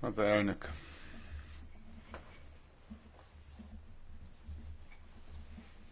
Az elnök.